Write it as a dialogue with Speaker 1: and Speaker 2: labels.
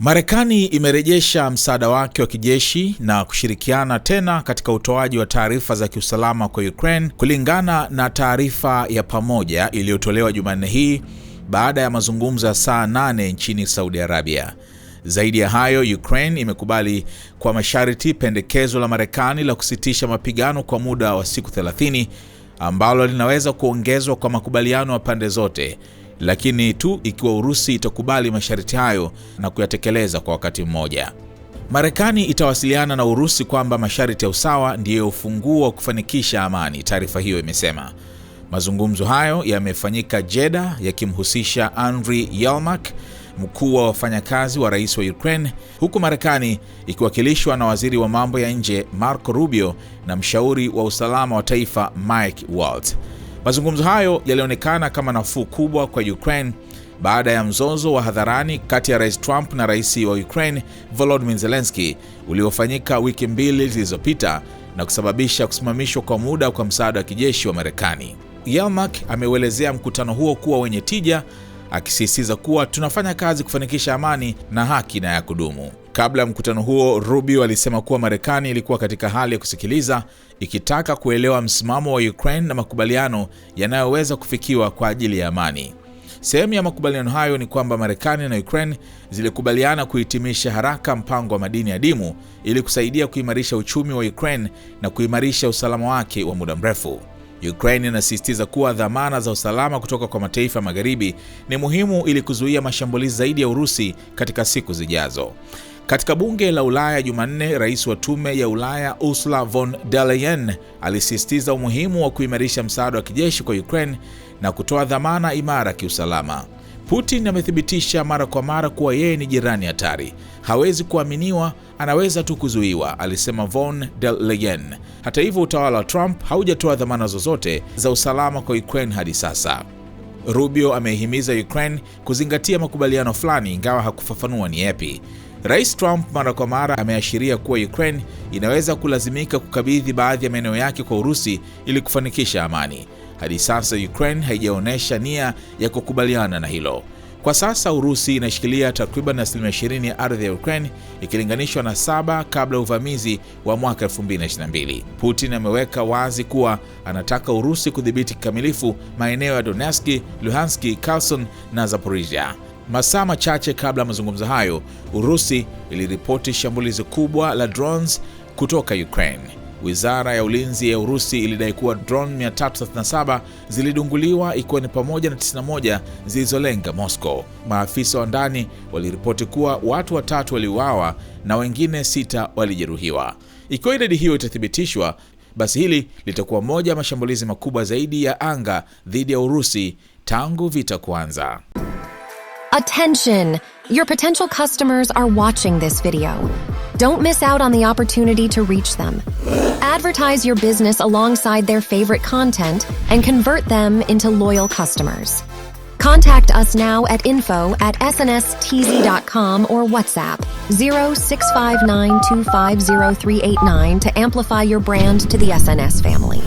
Speaker 1: Marekani imerejesha msaada wake wa kijeshi na kushirikiana tena katika utoaji wa taarifa za kiusalama kwa Ukraine kulingana na taarifa ya pamoja iliyotolewa Jumanne hii baada ya mazungumzo ya saa nane nchini Saudi Arabia. Zaidi ya hayo, Ukraine imekubali kwa masharti pendekezo la Marekani la kusitisha mapigano kwa muda wa siku 30 ambalo linaweza kuongezwa kwa makubaliano ya pande zote lakini tu ikiwa Urusi itakubali masharti hayo na kuyatekeleza kwa wakati mmoja. Marekani itawasiliana na Urusi kwamba masharti ya usawa ndiyo ufunguo wa kufanikisha amani, taarifa hiyo imesema. Mazungumzo hayo yamefanyika jeda yakimhusisha Andriy Yermak, mkuu wa wafanyakazi wa rais wa Ukraine, huku Marekani ikiwakilishwa na waziri wa mambo ya nje Marco Rubio na mshauri wa usalama wa taifa Mike Waltz. Mazungumzo hayo yalionekana kama nafuu kubwa kwa Ukraine baada ya mzozo wa hadharani kati ya Rais Trump na Rais wa Ukraine Volodymyr Zelensky uliofanyika wiki mbili zilizopita na kusababisha kusimamishwa kwa muda kwa msaada wa kijeshi wa Marekani. Yelmak ameuelezea mkutano huo kuwa wenye tija, akisisitiza kuwa tunafanya kazi kufanikisha amani na haki na ya kudumu. Kabla ya mkutano huo, Rubio alisema kuwa Marekani ilikuwa katika hali ya kusikiliza, ikitaka kuelewa msimamo wa Ukraine na makubaliano yanayoweza kufikiwa kwa ajili ya amani. Sehemu ya makubaliano hayo ni kwamba Marekani na Ukraine zilikubaliana kuhitimisha haraka mpango wa madini adimu ili kusaidia kuimarisha uchumi wa Ukraine na kuimarisha usalama wake wa muda mrefu. Ukraine inasisitiza kuwa dhamana za usalama kutoka kwa mataifa magharibi ni muhimu ili kuzuia mashambulizi zaidi ya Urusi katika siku zijazo. Katika bunge la Ulaya Jumanne, rais wa tume ya Ulaya Ursula von der Leyen alisisitiza umuhimu wa kuimarisha msaada wa kijeshi kwa Ukraine na kutoa dhamana imara kiusalama. Putin amethibitisha mara kwa mara kuwa yeye ni jirani hatari, hawezi kuaminiwa, anaweza tu kuzuiwa, alisema von der Leyen. Hata hivyo, utawala wa Trump haujatoa dhamana zozote za usalama kwa Ukraine hadi sasa. Rubio ameihimiza Ukraine kuzingatia makubaliano fulani, ingawa hakufafanua ni yapi. Rais Trump mara kwa mara ameashiria kuwa Ukraine inaweza kulazimika kukabidhi baadhi ya maeneo yake kwa Urusi ili kufanikisha amani. Hadi sasa Ukraine haijaonyesha nia ya kukubaliana na hilo. Kwa sasa Urusi inashikilia takriban asilimia 20 ya ardhi ya Ukraine ikilinganishwa na saba kabla ya uvamizi wa mwaka 2022. Putin ameweka wazi kuwa anataka Urusi kudhibiti kikamilifu maeneo ya Donetsk, Luhansk, Kherson na Zaporizhia. Masaa machache kabla ya mazungumzo hayo, Urusi iliripoti shambulizi kubwa la drones kutoka Ukraine. Wizara ya ulinzi ya Urusi ilidai kuwa drone 337 zilidunguliwa ikiwa ni pamoja na 91 zilizolenga Moscow. Maafisa wa ndani waliripoti kuwa watu watatu waliuawa na wengine sita walijeruhiwa. Ikiwa idadi hiyo itathibitishwa, basi hili litakuwa moja ya mashambulizi makubwa zaidi ya anga dhidi ya Urusi tangu vita kuanza. Attention! Your potential customers are watching this video. Don't miss out on the opportunity to reach them. Advertise your business alongside their favorite content and convert them into loyal customers. Contact us now at info at snstz.com or WhatsApp 0659250389 to amplify your brand to the SNS family.